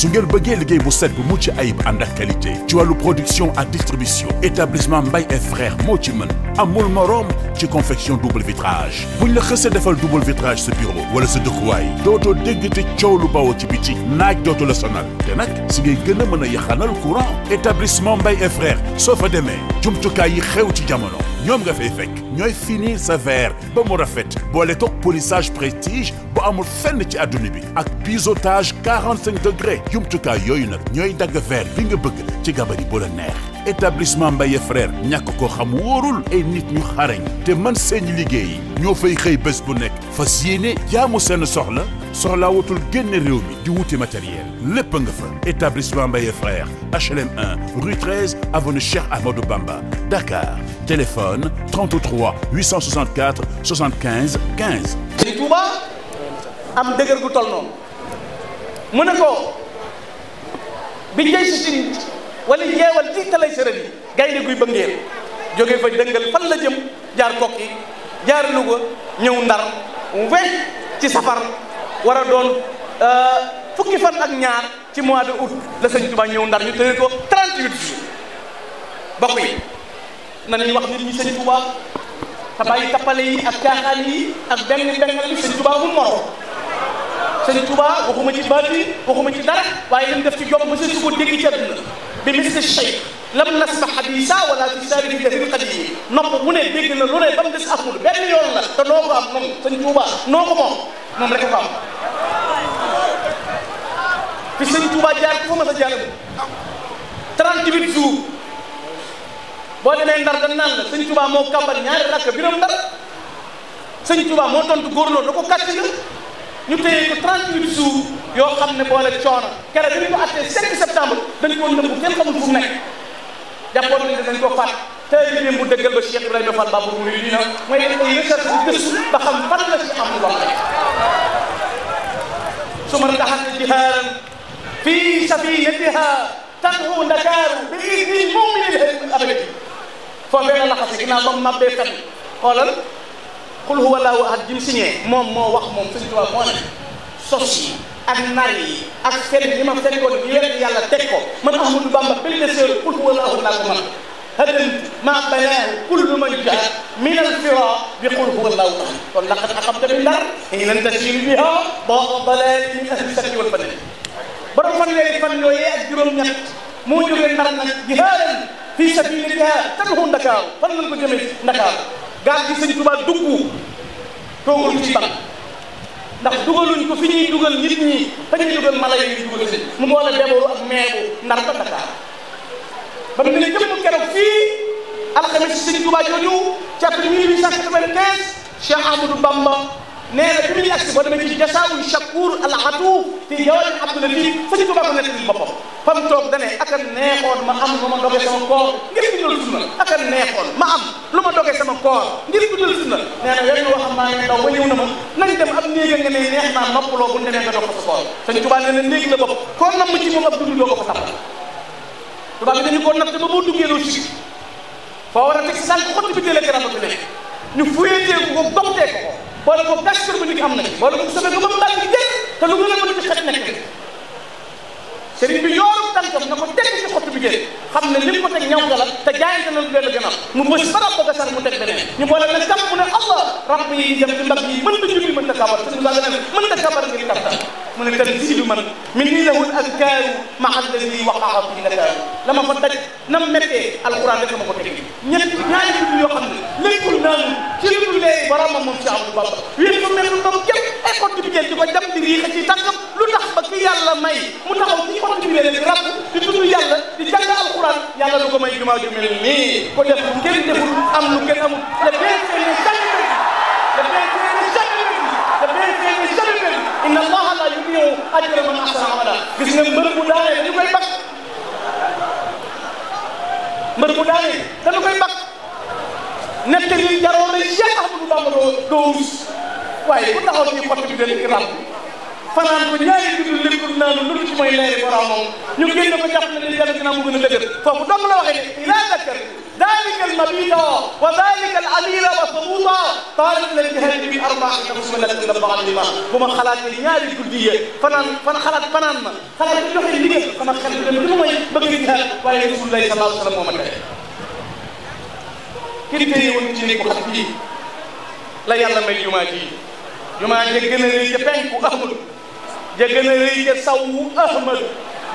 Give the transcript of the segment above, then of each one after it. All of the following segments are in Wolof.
su ngeen bëggee liggéey bu set bu mucc ayib ànd ak qualité ci wàllu production ak distribution établissement Mbaye et frères moo ci mën amul morom ci confection double bu buñ la xësee defal double vitrage sa bureau wala sa dëkkuwaay dootoo dégg te coow lu bi ci biti naaj dootu la sonal te nag si ngay gën a mën a yaxanal courant établissement Mbaye et frères soo fa demee jumtukaay yi xew ci jamono ñoom nga fay fekk ñooy finir sa verre ba mu rafet boole toog polissage prestige bu amul fenn ci adduna bi ak biseautage 45 degré jumtukaay yooyu nag ñooy dagg verre bi nga bëgg ci gabari bu la neex établissement Mbaye frère ñàkk ko xam wóorul ay nit ñu xarañ te man seeni liggéey ñoo fay xëy bés bu nekk fa yéene jaamu seen soxla soxlaa wutul génn réew mi di wuti matériel lépp nga fa établissement Mbaye frère HLM 1 rue 13 avenue Cheikh Amadou Bamba Dakar téléphone 33 864 75 15. Sëñ Tuuba am dëgër gu noonu mu ne ko bi njëy si wala yeewal ci talay sërët yi gaynde guy bëngeel jóge fa dëngal fan la jëm jaar kokki jaar Louga ñëw ndar wecc ci safar wara a doon euh, fukki fan ak ñaar ci mois de août la sëñ Tuubaa ñëw ndar ñu tëye ko 38 jours bokk yi nañuy wax nit ñi sëñ Tuubaa te bàyyi tappale yi ak caaxaan yi ak benn benn bi sëñ Tuubaa mu moro sëñ Tuubaa waxuma ci baat waxuma ci dara waaye dañ def ci jom ba sëñ Tuubaa dégg ci àdduna bi misli shay lam nasma xadisa wala fi saari fi dafil qadimi nopp mu ne dégg na lu ne ba mu des amul benn yoon la te noo ko am moom sëñ noo ko moom moom rek ko fi sëñ Touba jaar ku fa mas a jaar 38 jours boo demee ndar dañ naan la sëñ Touba moo kàmbal ñaari rakk biram ndar sëñ Touba moo tontu góorloo da ko kàcc ñu téye ko 30 minutes yoo xam ne boole coono keroog dañu ko attee 5 septembre dañ ko nëbbu kenn xamul fu mu nekk jàppoon nañ dañ ko faat tey bi mu dëggal ba Cheikh Ibrahima Fall Babou Mouride dina mooy def ay recherche bu gëstu ba xam fan la ci am wax su ma ndaxal jihaaran fii safinatiha tanhu Ndakaaru bi idni mu'minin abadi foo benn laxase ginnaaw ba mu mabbee kat xoolal xul huwa laahu ahad jim signé moom moo wax moom Sëriñ Tuubaa moo ne sos yi ak nar yi ak fen yi ma fekkoon yi wet yàlla teg ko man Ahmadou Bamba pédéseeru xul huwa laahu ahad laa ko man hadam maa banaahu kullu man jaa min alfira bi xul huwa laahu ahad kon laqad aqamta bi nar hiinan tasiiru biha baa dalaali min ahli shakki wal badal borom fanweeri fan yooyee ak juróom-ñett moo jógee nar nag jihaadan fi sabilillah tan hu Ndakaaru fan lañ ko jëmee Ndakaaru gaal gi sëñ Tuubaa dugg toogul ci bank ndax dugaluñ ko fi ñuy dugal nit ñi fa ñuy dugal mala yi ñuy dugal sëñ mu boole deboru ak meebu ndar ba Dakar ba mu ne jëmm keroog fii alxames sëñ Tuubaa jooju ci at 1895 Cheikh Amadou Bamba nee na bi muy agsi boo demee ci jasaawu shakuur al atuuf fi jawaarin abdul latif fa ci tubaab nekk ci boppam fa mu toog dane ak a neexoon ma am lu ma doge sama koor ngir guddal sunna ak a neexoon ma am lu ma doge sama koor ngir guddal sunna nee na yooyu wax ma nañ dem ab nga ne neex naa ko sa koor sëñ tubaab na néeg la bopp koo nam ci moom ab dund doo ko fa tàmbal tubaab bi dañu koo natt ba boo duggee doo ci foo war a teg sa sànq xotti bi télégramme bi nekk ñu fuyee boole ko gas kër ba léegi am na ci boole ko sobe ba mu bàyyi dégg te lu mu la mën a ci xet nekk sëriñ bi yooru tànkam na ko teg ci xottu bi géej xam ne lim ko teg ñaw nga la te jaayante na lu benn gannaaw mu bës ba rab ba gasar mu teg beneen ñu boole nag kam mu ne allah rab yi dem ci mbag yi mën na julli mën na kabar sëriñ bi mën na kabar ngir kattan mu ne tanziilu man min nii lahul azkaaru maa alladi waqaa fi nakaaru la ma fa daj nam méttee alquran rek la ma ko teg ñett ñaari dugg yoo xam ne lékkul naanu ci lu lee boromam moom si Ahmadou Bamba wéet fa mel moom jëm ay xottu jigéen di ko jam di riixa ci tànkam lu tax ba ki yàlla may mu taxaw ci xottu jigéen di ràbb di tudd yàlla di jàng alquran yàlla lu ko may jumaa ju mel nii ko def lu kenn deful am lu kenn amul ajra man ahsana amala gis nga mbër bu daanee dañu koy bak mbër bu daanee dañu koy bak nette li jaroo lay Cheikh Ahmadou Bamba doo doo rus waaye bu taxaw ci xott bi dañu ki ràbb fanaan ko ñaari bëgg naa lu dul ci mooy leeri boromam ñu génn ko jàpp ne li yàlla dina mu gën a dëgër foofu dong la waxee ne ila dakar dalika almabida wa dalika alalila wa sabuta taalat la jihaadi bi arbaina suma lakinna baadima bu ma xalaatee ñaari guddi yee fanaan fan xalaat fanaan ma xalaat bi joxe liggéey sama xel bi dem li ma mooy bëgg jihaad waaye rasulullahi sallallahu alayhi wa sallam moo ma tere kenn tey woon ci nekk xat fii la yàlla may jumaa ji jumaa ji gën a rëy ca penku amul ja gën a rëy ja sawwu ahmadu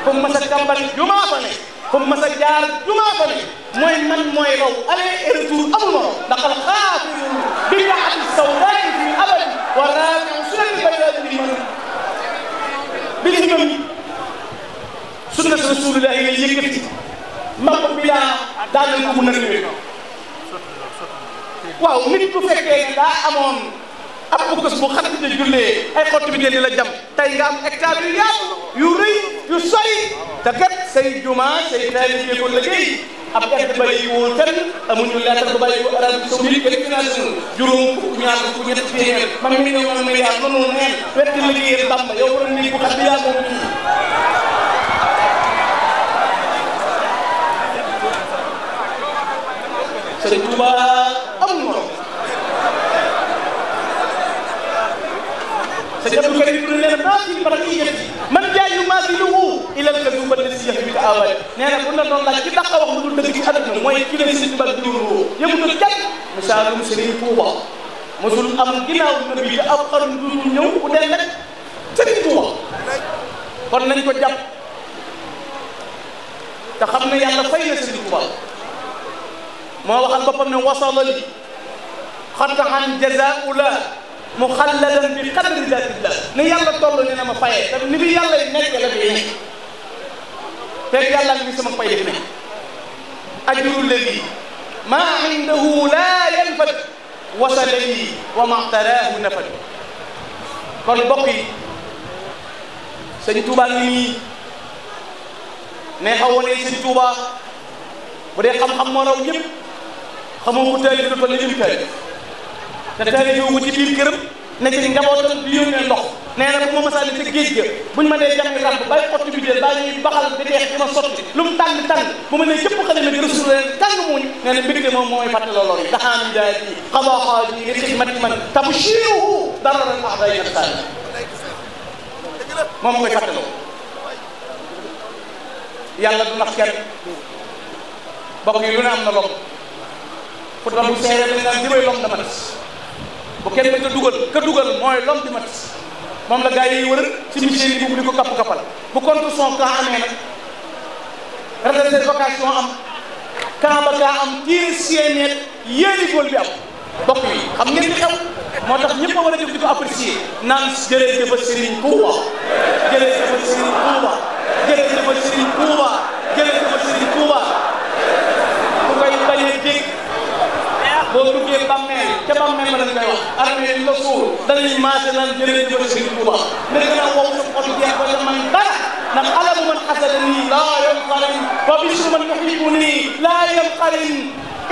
fu mu mas a kambat jumaa fa ne fu mu mas a jaar jumaa fa ne mooy man mooy raw aller et retour amul morom ndax alxaafiru bidaati sawdaati fi abadi wa raabiu sunani baydaati bi man bi li imam sunnat rasulillahi lay yëkkati mbàpp bi daa daanal ko mun a ñëwee waaw nit bu fekkee daa amoon ab bu kës bu xat bi jullee ay xott bi ngeen di la jam tey nga am hectare yu yaatu yu rëy yu sori te kat say juma say taalibe yi ko liggéey ab edd bari yi woo tan amuñu lettre bu bàyyi ko arab saudi international juróom fukk ñaar fukk ñett téeméer man mi ne man mi yaa noonu neen wetti liggéeyal Bamba yow borom nii bu xam yaa moom kii sëñ Touba am na sëñ Abdou Karim nee na maa fi bariyati man jaa yu maa fi luhu ilal ka duuba lesi yax bi ka abad nee na bu la doon laaj ci dàq wax lu dul dëgg ci àdduna mooy ki leen sëñ ba diwloo yëmutul kenn misaalum Sëriñ Tuuba mosul am ginnaaw nabi te ab xarum dudul ñëw bu dee nag Sëriñ Tuuba kon nañ ko jàpp te xam ne yàlla fay na Sëriñ Tuuba moo waxal boppam ne wasala li xatta an jazaa'u la mu xalladan bi xadri zaatillah ni yàlla toll ni na ma fayee te ni bi yàlla yi nekk la bi nekk fekk yàlla ngi sama fay def nekk ajru lladi maa indahu laa yanfad wasala yi wa maxtaraahu nafad kon mbokk yi sëñ Tuubaa ngi nii ne xaw wane sëñ bu dee xam-xam moo raw ñëpp xamoo ko taalif lu toll ni lim taalif te terewu ci biir këram ne ci njabootam di yónnee ndox nee na bu ma mësaale ca géej ga buñ ma dee jàngi ràbb bàyyi xottu bi dee bàyyi ñuy baxal di deex di ma sotti lu mu tàng tàng bu ma nee cëpp xale nag resul leen tàng muñ nee na mbégte moom mooy fàtte loolu yi daxaan jaay bi xabaaxaa ji li man tabu siiruhu dara rek wax day ñett tàng moom mooy fàtteloo du nax kenn yi lu ne am na lom fu doon bu seeree naan li may lom dama des bu kenn bañ a dugal ka dugal mooy l'homme du match moom la gars yi wër ci machine yi bu di ko kapp kappal bu contre son camp amee nag réserve vocation am camp ba kaa am tiir sienneet yéeni góol bi am bokk yi xam ngeen li xew moo tax ñëpp a war a jóg di ko apprécier naan jërëjëf Serigne Touba jërëjëf Serigne Touba am nañ ma dañ koy wax armée yi la suul danañ maase naan jërëjëf jëfal Sëriñ Tuuba nekk naa woo su xol jeex ba te man dara ndax alamu man xasadanii laa yanqalim wa bisu man yuhibbunii laa yanqalim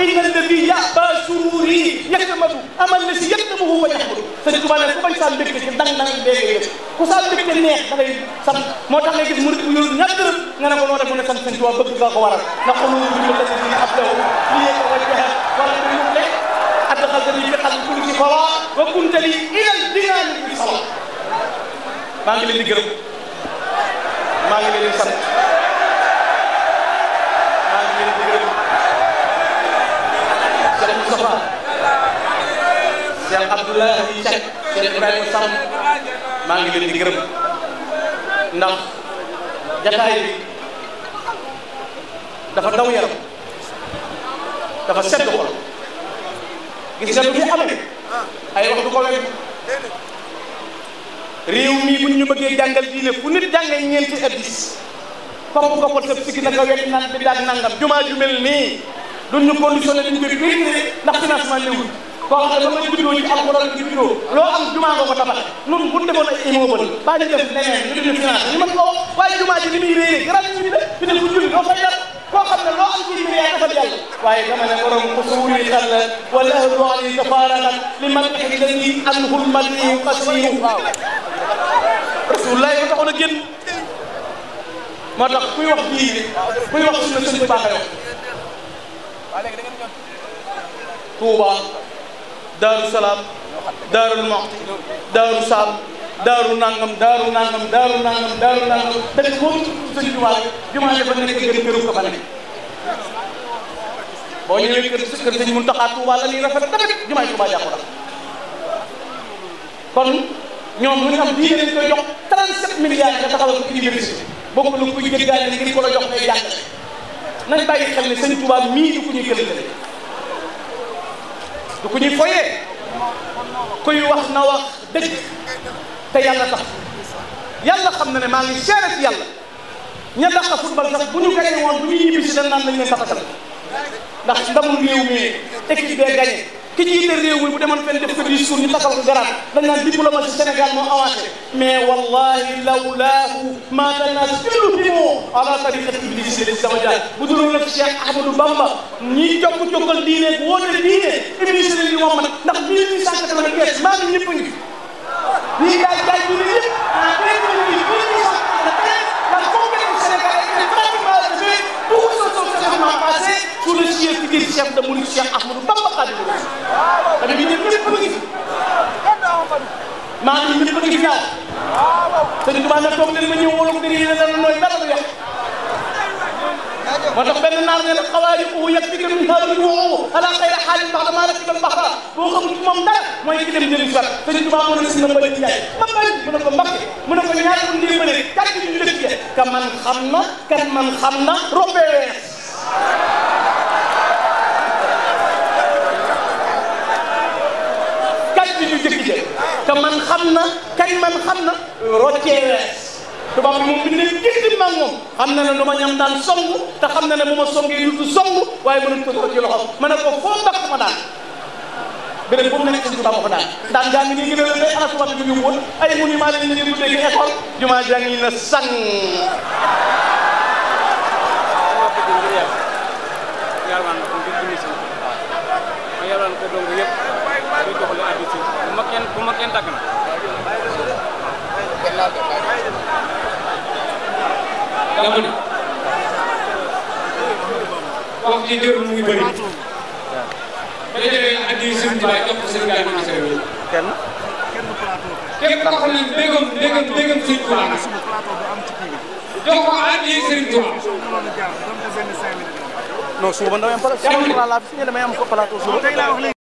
inna alladi yaba sururi yakmadu amal la si yaktamuhu wa yaxmadu Sëriñ Tuuba ne ku bañ saa mbégte ci dang dang dee ngay def ku saa mbégte neex da ngay sant moo tax ngay gis murid bu yor ñaar dërëm nga ne ko noo def mu ne sant Sëriñ Tuuba bëgg nga ko waral ndax xamul ñu la ab daw lii ko wajjaha wala القدر بقدر كل فضاء وكنت لي إلى الجنان في صلاة maa ngi leen di gërëm maa ngi leen di sant maa ngi leen di gërëm Cheikh Moustapha Cheikh Abdoulaye Cheikh Cheikh Ibrahima Sam maa ngi leen di gërëm ndax jataay bi dafa daw yaram dafa sedd xol gis nga bu fi ay wax ko wér réew mii bu ñu bëggee jàngal diine fu nit jàngee ñeenti hadiis kopp koppal sa sikki naka wet naan bi daag nangam jumaa ju mel nii duñ ñu conditionné duñ koy périmé ndax financement néewul koo xam ne ba nga juddoo ci alxuraan bi juddoo loo am jumaa nga ko tabax nun bu defoon ay immeuble baa ñu def leneen ñu duñu financé ñu mën ko wax waaye jumaa ji li muy réeré garab yi ñu def fi ne ku doo fay koo xam ne loo am ci mbir yaa dafa jàll waaye dama ne borom xusuuli xel la wala lu ali tafaaraxat li man taxi la ni an hul man yi qasiyu rasulullah yoo taxoon a génn moo tax kuy wax bii kuy wax sunna sëñ Tuubaa wax Tuuba Daaru Salaam Daarul Muxti Daaru Saam daaru nangam daaru nangam daaru nangam daaru nangam dëkk boobu sëñ bi waay jumaa ba nekk gën këru ko fa nekk boo ñëwee kër kër sëñ Muntaxa Tuuba la ñuy rafet tamit jumaa Tuuba jàpp la kon ñoom lu ñu xam diine lañ koy jox 37 milliards nga taxawal ko université bokk lu koy jëggaale ngir ko la jox ngay jàngale nañ bàyyi xel ne sëñ Tuuba mii du ku ñuy gën du ku ñuy foyee kuy wax na wax dëgg te yàlla tax yàlla xam na ne maa ngi seere ci yàlla ña dàq football sax bu ñu gañe woon bu ñu ñibbi si dañ naan lañ leen tabatal ndax ndamul réew mi équipe bee gañe ki jiite réew mi bu demoon fenn def ko discours ñu takkal ko garaat dañ naan diplomatie moo avancé mais wallahi lawlaahu ma tanaziluhum ala tariqati iblis dama jaar bu dul nag Cheikh Ahmadou Bamba ñi jokk jokkal diine woote diine iblis li moom man ndax 1895 maa ngi lii daal daal ñu ne yëpp en deux mille huit mille huit cent quatre-vingt-quinze la conquête du Sénégal était pratiquement achevée tout se sont seulement passé sous le siège du chef de Mouride Cheikh Ahmadou Bamba Khadimou Rassoul tamit bi ñëpp ñëpp a ngi fi maa ngi ñëpp a ngi fi daal sëñ Tuubaa nag toog leen ma ñëw wolof dëgg yi ne la nooy dara du yàq moo tax benn naar nee na xawaari u yegtika min haabari woo ala xayra xaalin bax damaa rek bal baxra boo xamul ci moom dara mooy ki dem jëli sat sëñ Tuubaa mën na si na mbay ci yaay ma mbay mu ne ko mbakke mu ne ko ñaar bu ndee bële kàddu ñu dëkk ya ka man xam na kan man xam na rombee wees kàddu ñu dëkk ja ka man xam na kañ man xam na roccee wees tubaab bi moom bi ne gis ma ak moom xam na ne lu ñam daan song te xam na ne bu ma songee du song waaye mënuñ ko ko ci loxo ma ne ko foo mbakk ma daan beneen boobu nekk sëñ ma ko daan daan gaa ngi nii gën a lële ana tubaab bi ñu woon ay monument lañ leen di tuddee ngi na sang bu ma kenn bu ma kenn dagg na dama ne wax ji jërul muy bëri dajale addi sëriñ Tuubaa jox ko sëriñ Gaye Messere bi kenn képp koo xam ne déggam déggam déggam sëriñ Tuubaa jox ko addi sëriñ Tuubaa non suba damay am plateau suba damay am plateau suba